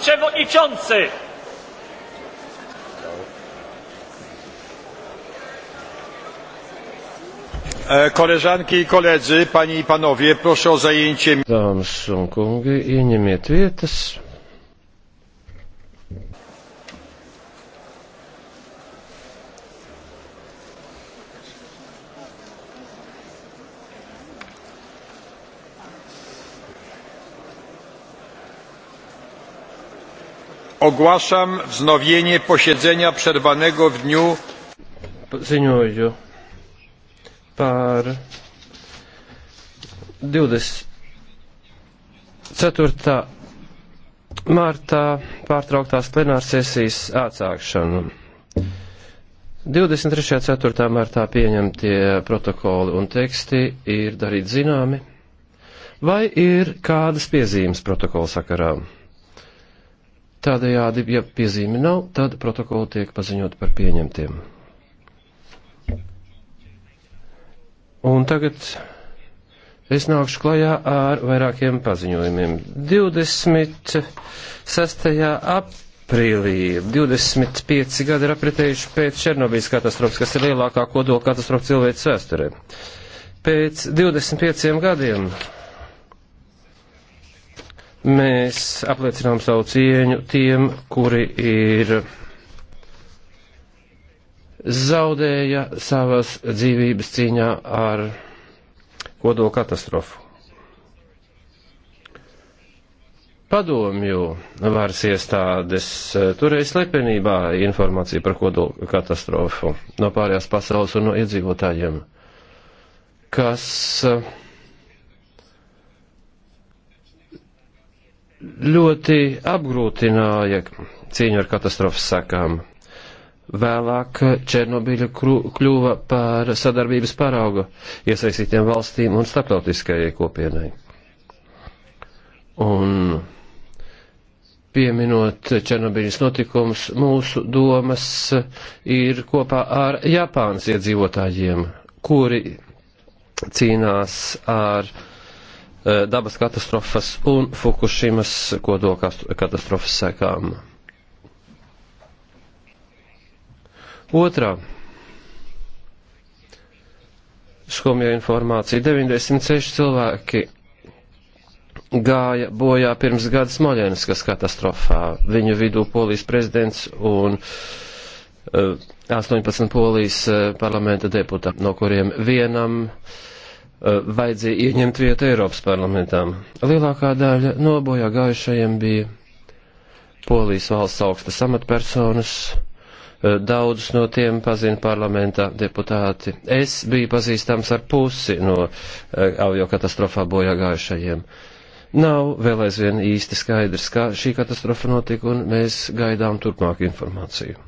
przewodniczący! E, koleżanki i koledzy, panie i panowie, proszę o zajęcie. Dāmas un kungi, ieņemiet vietas. Ogłaszam wznowienie posiedzenia przerwanego w dniu ziņoju par 24. martā pārtrauktās plenārsesijas atsākšanu. 23. 4. martā pieņemtie protokoli un teksti ir darīt zināmi. Vai ir kādas piezīmes protokola sakarā? Tādējādi, ja piezīme nav, tad protokoli tiek paziņot par pieņemtiem. Un tagad es nākšu klajā ar vairākiem paziņojumiem. 26. aprīlī 25 gadi ir apritējuši pēc Černobijas katastrofas, kas ir lielākā kodola katastrofa cilvēces vēsturē. Pēc 25 gadiem Mēs apliecinām savu cieņu tiem, kuri ir zaudēja savas dzīvības cīņā ar kodola katastrofu. Padomju varas iestādes turēja slepenībā informāciju par kodola katastrofu no pārējās pasaules un no iedzīvotājiem, kas uh, ļoti apgrūtināja cīņu ar katastrofas sakām. Vēlāk Černobiļa kļuva par sadarbības paraugu iesaistītiem valstīm un starptautiskajai kopienai. Un pieminot Černobiļas notikumus, mūsu domas ir kopā ar Japānas iedzīvotājiem, kuri cīnās ar uh, Eh, dabas katastrofas un Fukushimas kodolkās katastrofas sekām. Otrā skumja informācija. 96 cilvēki gāja bojā pirms gada Smoļenskas katastrofā. Viņu vidū polijas prezidents un uh, eh, 18 polijas uh, parlamenta deputāti, no kuriem vienam uh, Eh, vajadzēja ieņemt vietu Eiropas parlamentām. Lielākā daļa no bojā gājušajiem bija Polijas valsts augstas amatpersonas, eh, daudzus no tiem pazina parlamentā deputāti. Es biju pazīstams ar pusi no eh, avio katastrofā bojā gājušajiem. Nav vēl aizvien īsti skaidrs, kā šī katastrofa notika, un mēs gaidām turpmāku informāciju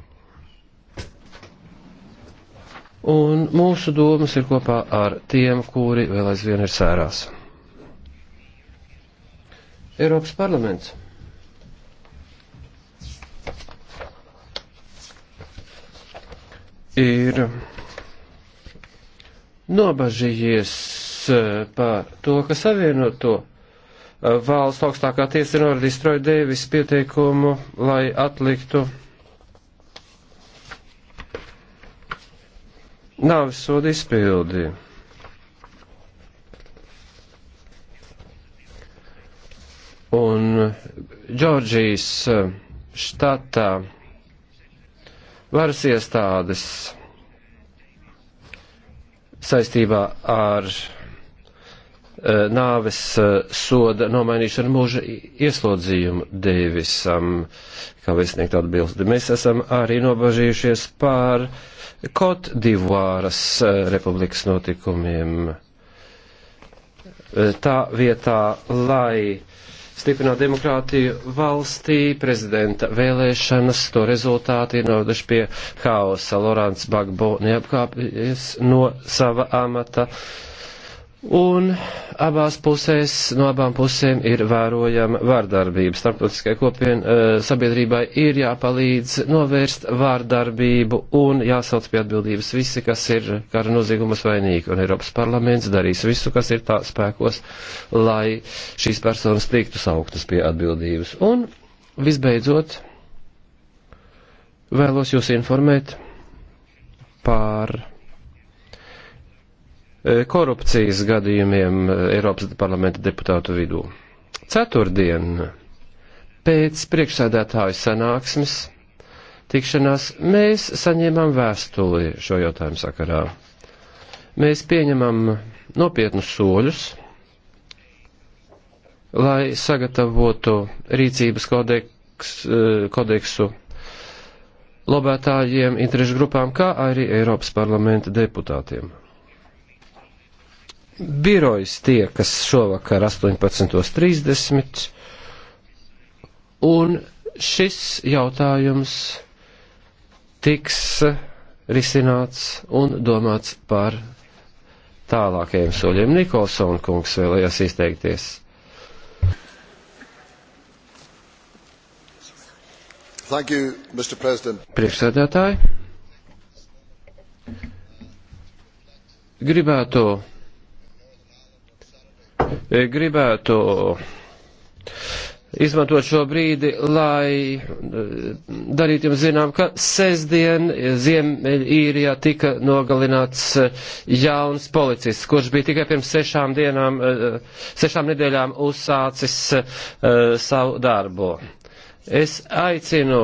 un mūsu domas ir kopā ar tiem, kuri vēl aizvien ir sērās. Eiropas parlaments. Ir nobažījies eh, par to, ka savienoto eh, valsts augstākā tiesa ir norādījis Troja Dēvis pieteikumu, lai atliktu nāves sodu izpildi. Un Džordžijas eh, štatā varas iestādes saistībā ar Eh, nāves eh, soda nomainīšanu mūža ieslodzījumu Deivisam, kā vēstniegt atbildi. Mēs esam arī nobažījušies pār Kot divāras eh, republikas notikumiem. Tā vietā, lai stiprināt demokrātiju valstī, prezidenta vēlēšanas, to rezultāti ir noveduši pie haosa. Lorants Bagbo neapkāpies no sava amata Un abās pusēs, no abām pusēm ir vērojama vārdarbība. Starptautiskai kopien eh, sabiedrībai ir jāpalīdz novērst vārdarbību un jāsauc pie atbildības visi, kas ir kara noziegumus vainīgi. Un Eiropas parlaments darīs visu, kas ir tā spēkos, lai šīs personas tiktu sauktas pie atbildības. Un visbeidzot, vēlos jūs informēt par E, korupcijas gadījumiem e, Eiropas parlamenta deputātu vidū. Ceturtdien pēc priekšsēdētāju sanāksmes tikšanās mēs saņēmām vēstuli šo jautājumu sakarā. Mēs pieņemam nopietnus soļus, lai sagatavotu rīcības kodeks, e, kodeksu lobētājiem, interešu grupām, kā arī Eiropas parlamenta deputātiem. Birojas tiekas šovakar 18.30, un šis jautājums tiks risināts un domāts par tālākajiem soļiem. Nikolsona kungs vēlējās izteikties. Thank you, Mr. President. Priekšsēdētāji, gribētu gribētu izmantot šo brīdi, lai eh, darītu jums zinām, ka sestdien Ziemeļīrijā tika nogalināts eh, jauns policists, kurš bija tikai pirms sešām dienām, eh, sešām nedēļām uzsācis savu darbu. Es aicinu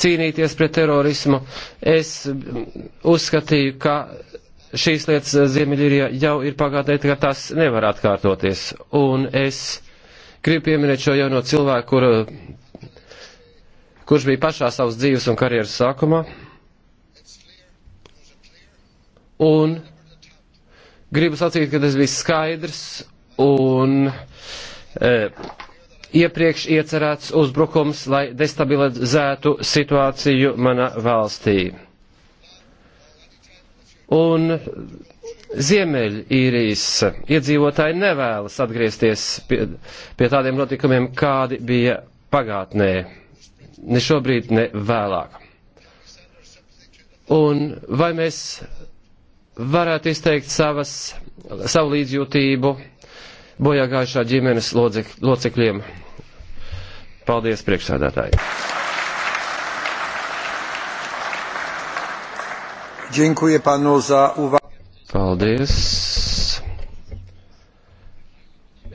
cīnīties pret terorismu. Es mm, uzskatīju, ka šīs lietas eh, Ziemeļīrijā jau ir pagātnē, ka tās nevar atkārtoties. Un es gribu pieminēt šo jauno cilvēku, kur, kurš bija pašā savas dzīves un karjeras sākumā. Un gribu sacīt, ka tas bija skaidrs un e, iepriekš iecerēts uzbrukums, lai destabilizētu situāciju manā valstī. Un Ziemeļīrijas iedzīvotāji nevēlas atgriezties pie, pie tādiem notikumiem, kādi bija pagātnē, ne šobrīd, ne vēlāk. Un vai mēs varētu izteikt savas, savu līdzjūtību bojāgājušā ģimenes locekļiem? Paldies, priekšsādātāji! Dziękuję panu za uwagę. Paldies.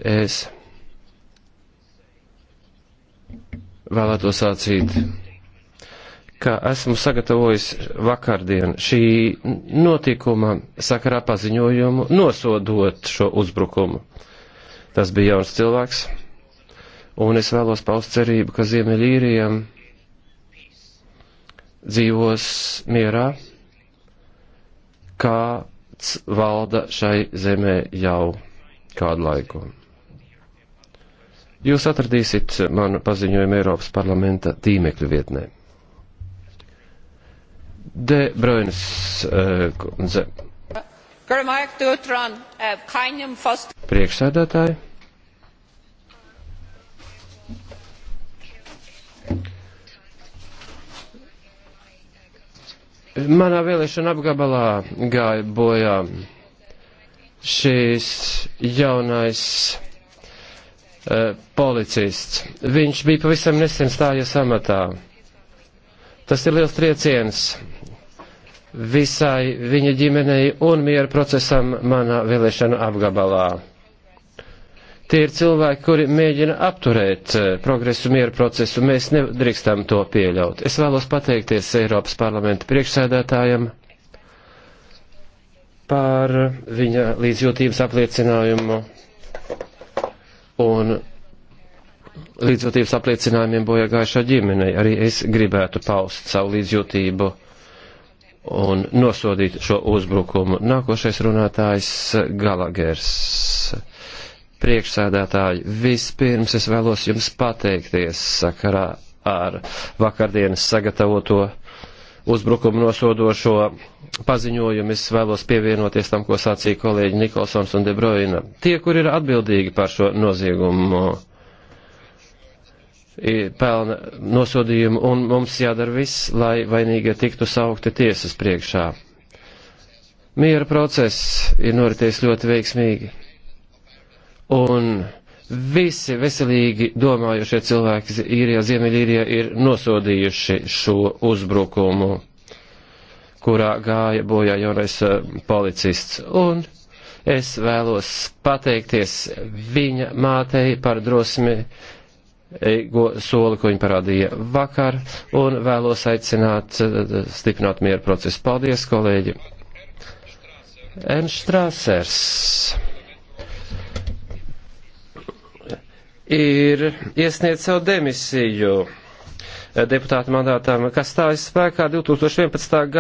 Es vēlētos sacīt, ka esmu sagatavojis vakardien šī notikuma sakarā paziņojumu nosodot šo uzbrukumu. Tas bija jauns cilvēks, un es vēlos paust cerību, ka Ziemeļīrijam dzīvos mierā kāds valda šai zemē jau kādu laiku. Jūs atradīsiet manu paziņojumu Eiropas parlamenta tīmekļu vietnē. De Bruins uh, eh, kundze. Eh, Priekšsēdētāji. Manā vēlēšana apgabalā gāja bojā šīs jaunais uh, policists. Viņš bija pavisam nesen stājies amatā. Tas ir liels trieciens visai viņa ģimenei un miera procesam manā vēlēšana apgabalā. Tie ir cilvēki, kuri mēģina apturēt eh, progresu mieru procesu. Mēs nedrīkstam to pieļaut. Es vēlos pateikties Eiropas parlamenta priekšsēdētājam par viņa līdzjūtības apliecinājumu un līdzjūtības apliecinājumiem bojā gājušā ģimenei. Arī es gribētu paust savu līdzjūtību un nosodīt šo uzbrukumu. Nākošais runātājs Galagers priekšsēdētāji, vispirms es vēlos jums pateikties sakarā ar vakardienas sagatavoto uzbrukumu nosodošo paziņojumu. Es vēlos pievienoties tam, ko sacīja kolēģi Nikolsons un Debroina. Tie, kur ir atbildīgi par šo noziegumu, pelna nosodījumu, un mums jādara viss, lai vainīgie tiktu saukti tiesas priekšā. Miera process ir noritējis ļoti veiksmīgi Un visi veselīgi domājušie cilvēki īrijā, Ziemeļīrijā ir nosodījuši šo uzbrukumu, kurā gāja bojā jaunais eh, policists. Un es vēlos pateikties viņa mātei par drosmi eh, soli, ko viņa parādīja vakar, un vēlos aicināt eh, stiprināt mieru procesu. Paldies, kolēģi! Enštrāsers. ir iesniedz savu demisiju eh, deputāta mandātām, kas stājas spēkā 2011. gadā.